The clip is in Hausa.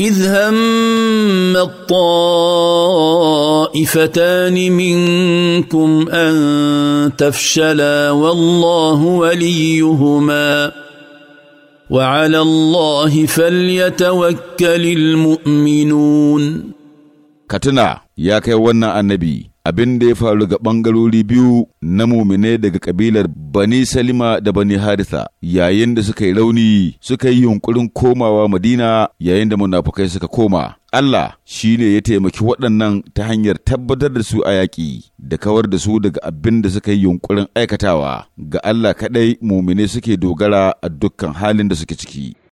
إذ هم الطائفتان منكم أن تفشلا والله وليهما وعلى الله فليتوكل المؤمنون كتنا يا كي النبي abin da ya faru ga ɓangarori biyu na mumine daga kabilar Bani Salima da Bani Haritha yayin da suka yi rauni suka yi yunkurin komawa Madina yayin da munafukai suka koma. Allah shi ne ya taimaki waɗannan ta hanyar tabbatar da su a yaƙi da kawar da su daga abin da suka yi yunkurin aikatawa ga Allah kaɗai mumine suke dogara a dukkan halin da suke ciki.